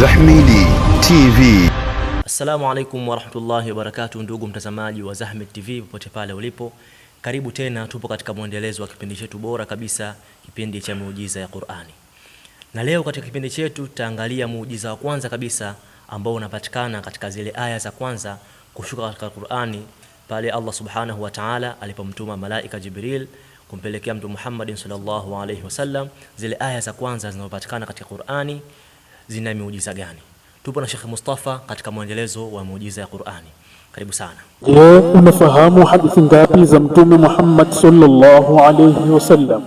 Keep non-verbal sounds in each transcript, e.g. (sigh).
Zahmidi TV. Assalamu alaikum warahmatullahi wabarakatuh, ndugu mtazamaji wa Zahmid TV popote pale ulipo, karibu tena. Tupo katika mwendelezo wa kipindi chetu bora kabisa, kipindi cha muujiza ya Qur'ani, na leo katika kipindi chetu tutaangalia muujiza wa kwanza kabisa ambao unapatikana katika zile aya za kwanza kushuka katika Qur'ani pale Allah subhanahu wa ta'ala alipomtuma malaika Jibril kumpelekea Mtume Muhammad sallallahu alayhi wasallam zile aya za kwanza zinazopatikana katika Qur'ani zina miujiza gani? Tupo na Sheikh Mustafa katika mwendelezo wa miujiza ya Qur'ani. Karibu sana. Je, unafahamu hadithi ngapi za Mtume Muhammad sallallahu alayhi wasallam?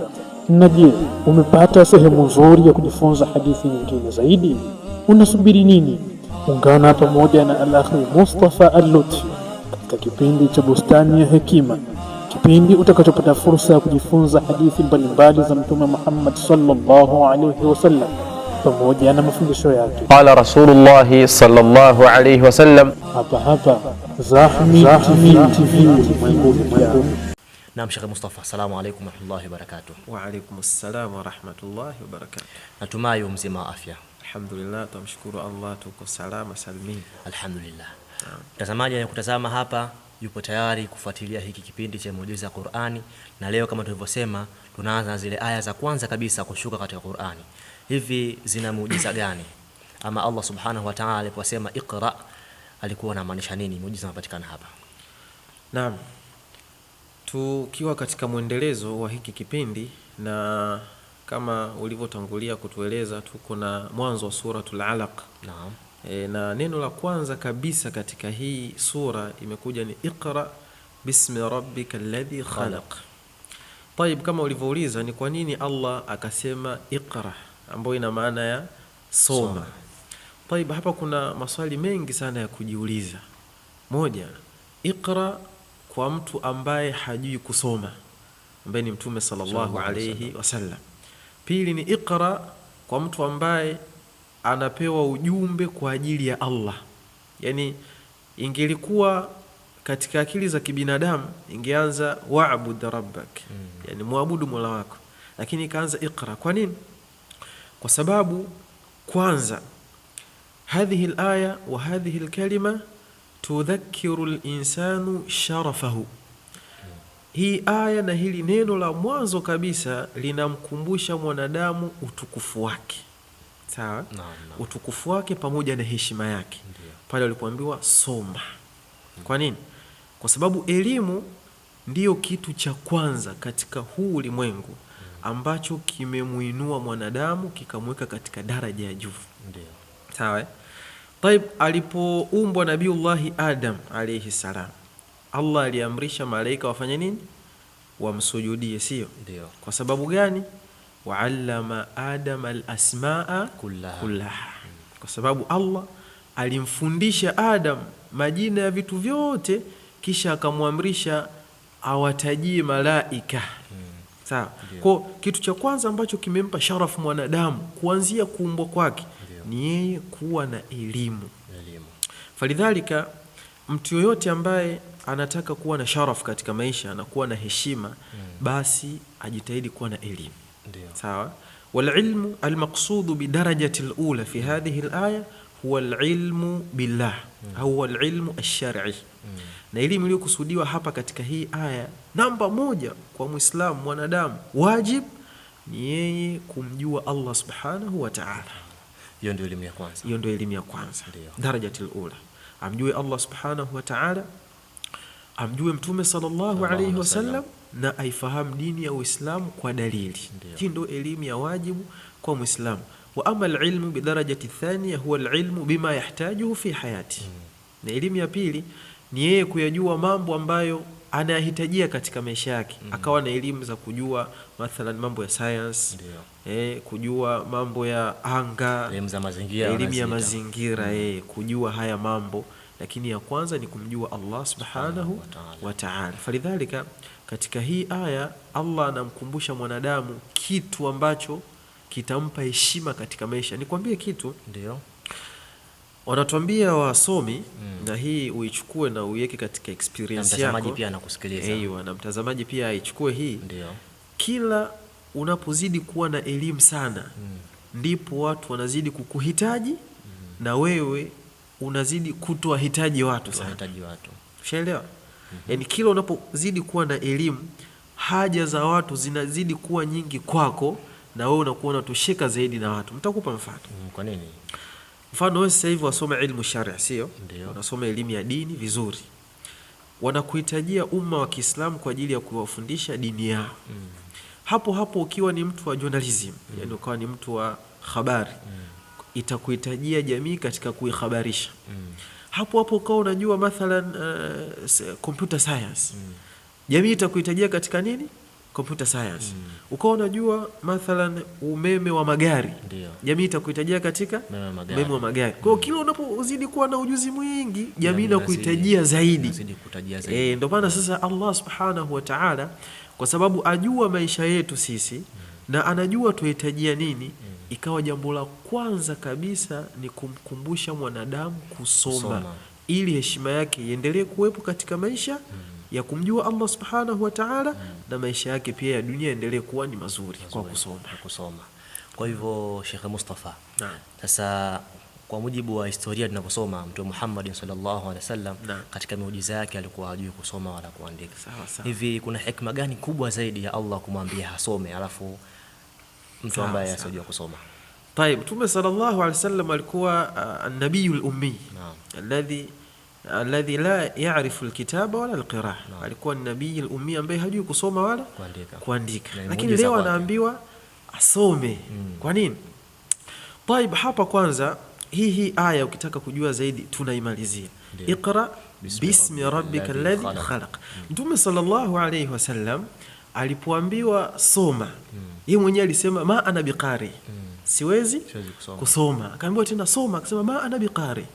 Na je, umepata sehemu nzuri ya kujifunza hadithi nyingine zaidi? Unasubiri nini? Ungana pamoja na Al-Akhi Mustafa al katika kipindi cha Bustani ya Hekima, kipindi utakachopata fursa ya kujifunza hadithi mbalimbali za Mtume Muhammad sallallahu alayhi wasallam pamoja na mafundisho yake. Qala Rasulullah sallallahu alayhi wasallam. Hapa hapa Zahmi TV Naam, Sheikh Mustafa, assalamu alaykum wa rahmatullahi Wa barakatuh. Wa alaykum assalam wa rahmatullahi wa barakatuh. Natumai mzima afya. Alhamdulillah, tumshukuru Allah tuko salama salmin. Alhamdulillah. Mtazamaji anayekutazama hapa yupo tayari kufuatilia hiki kipindi cha Muujiza Qur'ani, na leo kama tulivyosema tunaanza zile aya za kwanza kabisa kushuka katika Qur'ani. Hivi zina muujiza gani? Ama Allah subhanahu wa ta'ala aliposema iqra, alikuwa anamaanisha nini? Muujiza unapatikana hapa. Naam, tukiwa katika mwendelezo wa hiki kipindi, na kama ulivyotangulia kutueleza, tuko na mwanzo wa suratul Alaq. Naam. E, na neno la kwanza kabisa katika hii sura imekuja ni iqra bismi rabbika alladhi khalaq. Taib, kama ulivyouliza ni kwa nini Allah akasema iqra, ambayo ina maana ya soma. Taib, hapa kuna maswali mengi sana ya kujiuliza. Moja, iqra kwa mtu ambaye hajui kusoma, ambaye ni Mtume sallallahu alayhi wasallam. Pili ni iqra kwa mtu ambaye anapewa ujumbe kwa ajili ya Allah, yaani ingelikuwa katika akili za kibinadamu ingeanza wa'bud rabbak, mm. yani muabudu mola wako, lakini ikaanza iqra. Kwa nini? Kwa sababu kwanza hadhihi alaya wa hadhihi alkalima tudhakiru linsanu sharafahu, hii aya na hili neno la mwanzo kabisa linamkumbusha mwanadamu utukufu wake, sawa no, no. utukufu wake pamoja na heshima yake, pale walipoambiwa soma. Kwa nini? kwa sababu elimu ndiyo kitu cha kwanza katika huu ulimwengu ambacho kimemuinua mwanadamu kikamweka katika daraja ya juu. Sawa. Eh? Taib, alipoumbwa Nabiullahi Adam alayhi salam, Allah aliamrisha malaika wafanye nini? Wamsujudie, sio? Ndio. Kwa sababu gani? Waallama Adam alasmaa kullaha, kullaha. Hmm. Kwa sababu Allah alimfundisha Adam majina ya vitu vyote kisha akamwamrisha awatajie malaika hmm. sawa kwa kitu cha kwanza ambacho kimempa sharafu mwanadamu kuanzia kuumbwa kwake ni yeye kuwa na elimu falidhalika mtu yoyote ambaye anataka kuwa na sharafu katika maisha na kuwa na heshima hmm. basi ajitahidi kuwa na elimu sawa walilmu almaqsudu bidarajati lula fi hmm. hadhihi laya huwa alilmu billah mm. au huwa alilmu alshar'i mm. na elimu iliyokusudiwa hapa katika hii aya namba moja kwa mwislamu mwanadamu wajib ni yeye kumjua Allah subhanahu wa ta'ala. Hiyo ndio elimu ya kwanza, hiyo ndio elimu ya kwanza, darajatul ula, amjue Allah subhanahu wa ta'ala, amjue Mtume sallallahu alayhi wasallam na aifahamu dini ya Uislamu kwa dalili. Hii ndio elimu ya wajibu kwa Muislamu wa ama alilmu bidarajati thania huwa alilmu bima yahtajuhu fi hayati mm. na elimu ya pili ni yeye kuyajua mambo ambayo anayahitajia katika maisha yake mm. akawa na elimu za kujua mathalan mambo ya science eh, kujua mambo ya anga elimu ya mazingira, mazingira mm. eh, kujua haya mambo lakini ya kwanza ni kumjua Allah subhanahu wa ta'ala. Falidhalika, katika hii aya Allah anamkumbusha mwanadamu kitu ambacho kitampa heshima katika maisha. Nikwambie kitu, ndio wanatuambia wasomi mm. na hii uichukue na uiweke katika experience yako, mtazamaji pia anakusikiliza. Hey, na mtazamaji pia aichukue hii ndio. Kila unapozidi kuwa na elimu sana mm. ndipo watu wanazidi kukuhitaji mm. na wewe unazidi kutowahitaji watu sana, watu ushaelewa? mm -hmm. Yaani kila unapozidi kuwa na elimu haja za watu zinazidi kuwa nyingi kwako na wewe unakuwa unatushika zaidi na watu. Nitakupa mfano. Mm, kwa nini? Mfano wewe sasa hivi wasoma elimu sharia, sio? Unasoma elimu ya dini vizuri, wanakuhitajia umma wa Kiislamu kwa ajili ya kuwafundisha dini yao mm. Hapo hapo ukiwa ni mtu wa journalism mm. yani ukawa ni mtu wa habari mm. itakuhitajia jamii katika kuihabarisha mm. Hapo hapo ukawa unajua mathalan uh, computer science mm. jamii itakuhitajia katika nini computer science mm. ukawa unajua mathalan umeme wa magari jamii itakuhitajia katika umeme wa magari kwao mm. kila unapozidi kuwa na ujuzi mwingi jamii inakuhitajia zaidi, zaidi. E, ndio maana sasa Allah subhanahu wa ta'ala kwa sababu ajua maisha yetu sisi mm. na anajua tuhitajia nini mm. ikawa jambo la kwanza kabisa ni kumkumbusha mwanadamu kusoma, kusoma. ili heshima yake iendelee kuwepo katika maisha mm ya kumjua Allah subhanahu wa taala mm. na maisha yake pia ya dunia endelee kuwa ni mazuri, mazuri kwa kusoma, kusoma. Kwa hivyo Sheikh Mustafa, sasa kwa mujibu wa historia tunaposoma Mtume Muhammad sallallahu alaihi wasallam katika miujiza yake alikuwa hajui kusoma wala kuandika. Hivi kuna hikma gani kubwa zaidi ya Allah kumwambia asome alafu mtu ambaye asijua kusoma? Tayeb, Mtume sallallahu alaihi wasallam alikuwa uh, nabiyul ummi alladhi alladhi la yarifu alkitaba wala alqiraa, alikuwa ni nabii al-ummi ambaye hajui kusoma wala kuandika, lakini leo anaambiwa asome. Mm. Kwa nini? Taib, hapa kwanza hii hii aya ukitaka kujua zaidi tunaimalizia iqra bismi rabbika alladhi khalaq. Mm. Mtume sallallahu alayhi wasallam alipoambiwa soma, mm. yeye mwenyewe alisema ma ana biqari, siwezi kusoma. Akaambiwa tena soma, akasema ma ana biqari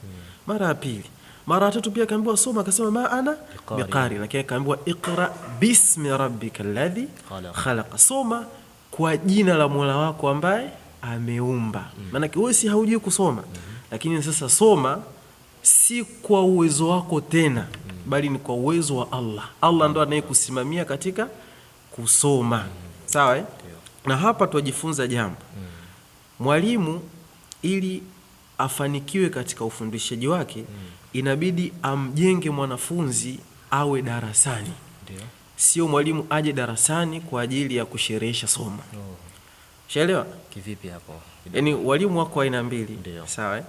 mara ya pili mara tatu pia akaambiwa soma, akasema ma ana biqari, lakini akaambiwa iqra bismi rabbika alladhi khalaqa, soma kwa jina la Mola wako ambaye ameumba. Maana mm. Maanake wewe si haujui kusoma, mm -hmm. lakini sasa soma si kwa uwezo wako tena, mm. bali ni kwa uwezo wa Allah. Allah ndo anayekusimamia katika kusoma, mm. sawa eh? Na hapa twajifunza jambo, mm. mwalimu ili afanikiwe katika ufundishaji wake mm inabidi amjenge mwanafunzi awe darasani Ndiyo. Sio mwalimu aje darasani kwa ajili ya kusherehesha somo oh. Shaelewa kivipi hapo? Yaani walimu wako aina mbili, sawa? Eh?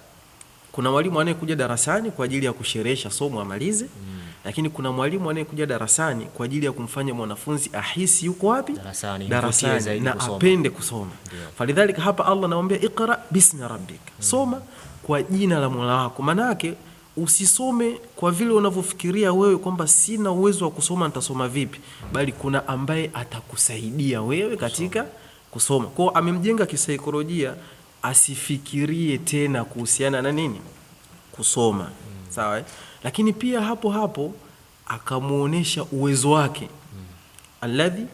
Kuna mwalimu anayekuja darasani kwa ajili ya kusherehesha somo amalize mm. Lakini kuna mwalimu anayekuja darasani kwa ajili ya kumfanya mwanafunzi ahisi yuko wapi darasani, darasani darasani na kusoma. Apende kusoma falidhalika, hapa Allah anamwambia iqra bismi rabbik mm. Soma kwa jina la Mola wako maana yake Usisome kwa vile unavyofikiria wewe kwamba sina uwezo wa kusoma, nitasoma vipi? Bali kuna ambaye atakusaidia wewe katika kusoma. Kwao amemjenga kisaikolojia, asifikirie tena kuhusiana na nini kusoma. Mm. Sawa, eh? lakini pia hapo hapo akamwonyesha uwezo wake mm. alladhi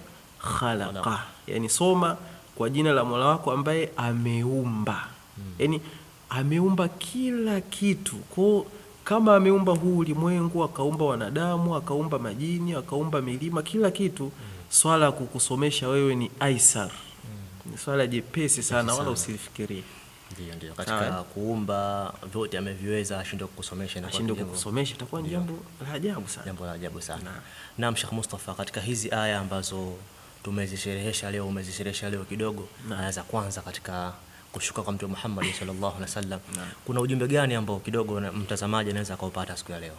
khalaqa, yani soma kwa jina la Mola wako ambaye ameumba mm. yani ameumba kila kitu kwao kama ameumba huu ulimwengu, akaumba wanadamu, akaumba majini, akaumba milima, kila kitu, mm. swala ya kukusomesha wewe ni aisar, mm. ni swala jepesi sana, wala usifikirie Ndio, ndio. Katika kuumba vyote ameviweza, ashindwe kukusomesha na ashindwe kukusomesha, itakuwa jambo la ajabu sana, jambo la ajabu sana. na Sheikh Mustafa, katika hizi aya ambazo tumezisherehesha leo, umezisherehesha leo kidogo, aya za kwanza katika kushuka kwa Mtume Muhammad (coughs) sallallahu alaihi wasallam, kuna ujumbe gani ambao kidogo mtazamaji anaweza akaupata siku ya leo?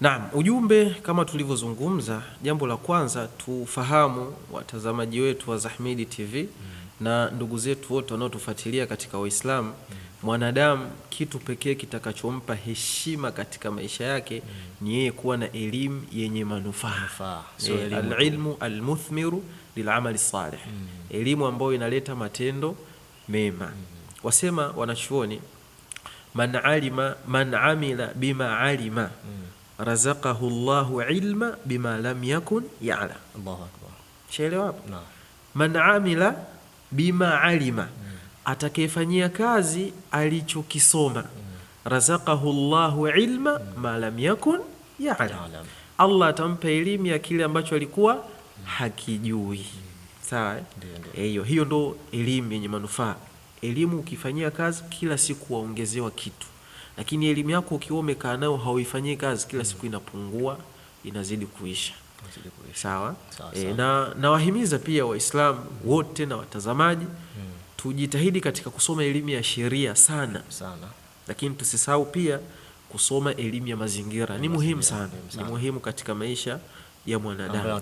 Naam, ujumbe kama tulivyozungumza, jambo la kwanza tufahamu watazamaji wetu wa Zahmid TV mm. na ndugu zetu wote wanaotufuatilia katika Uislamu mm. mwanadamu kitu pekee kitakachompa heshima katika maisha yake mm. ni yeye kuwa na elimu yenye manufaa, eh, so e, al-muthmiru lil-amali salih mm. elimu ambayo inaleta matendo mema. Wasema wanachuoni man alima man amila bima alima razaqahu Allahu ilma bima lam yakun ya'lam. Allahu akbar. Shaelewa hapo? Naam. Man amila bima alima atakayefanyia kazi alichokisoma razaqahu Allahu ilma ma lam yakun ya'lam. Allah atampa elimu ya kile ambacho alikuwa hakijui sawa eh? Hiyo hiyo ndo elimu yenye manufaa. Elimu ukifanyia kazi kila siku waongezewa kitu, lakini elimu yako ukiwa umekaa nayo hauifanyii kazi kila siku inapungua, inazidi kuisha. Sawa, sawa, eh, sawa. E, na nawahimiza pia Waislamu mm. wote na watazamaji mm. tujitahidi katika kusoma elimu ya sheria sana, sana. Lakini tusisahau pia kusoma elimu ya mazingira ni muhimu sana, ni muhimu katika maisha ya mwanadamu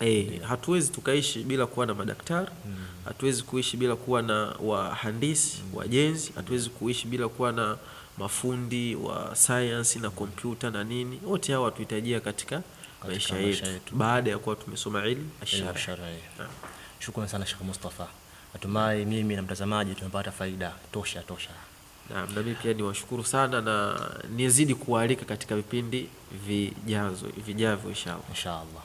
e, hatuwezi tukaishi bila kuwa na madaktari mm. hatuwezi kuishi bila kuwa na wahandisi mm. wajenzi, hatuwezi kuishi bila kuwa na mafundi wa sayansi na kompyuta na nini. Wote hawa watuhitajia katika, katika maisha yetu baada ya kuwa tumesoma ilmu asharai. Ah. Shukrani sana Sheikh Mustafa, natumai mimi na mtazamaji tumepata faida tosha tosha na mimi pia niwashukuru sana na nizidi kualika katika vipindi vijazo vijavyo inshallah. Inshallah.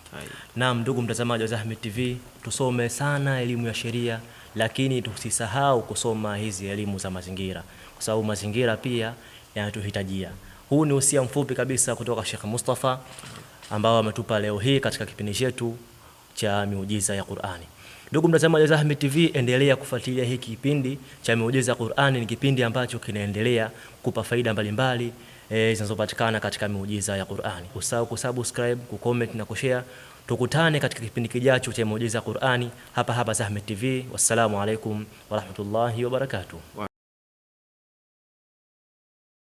Naam, ndugu mtazamaji wa Zahmid TV, tusome sana elimu ya sheria, lakini tusisahau kusoma hizi elimu za mazingira, kwa sababu mazingira pia yanatuhitajia. Huu ni usia mfupi kabisa kutoka Sheikh Mustafa ambao ametupa leo hii katika kipindi chetu cha miujiza ya Qur'ani. Ndugu mtazamaji wa Zahmid TV, endelea kufuatilia hiki kipindi cha miujiza ya Qur'ani. Ni kipindi ambacho kinaendelea kupa faida mbalimbali e, zinazopatikana katika miujiza ya Qur'ani. Usahau kusubscribe, kucomment na kushare. Tukutane katika kipindi kijacho cha miujiza ya Qur'ani hapa hapa Zahmid TV. Wassalamu alaikum warahmatullahi wabarakatuh.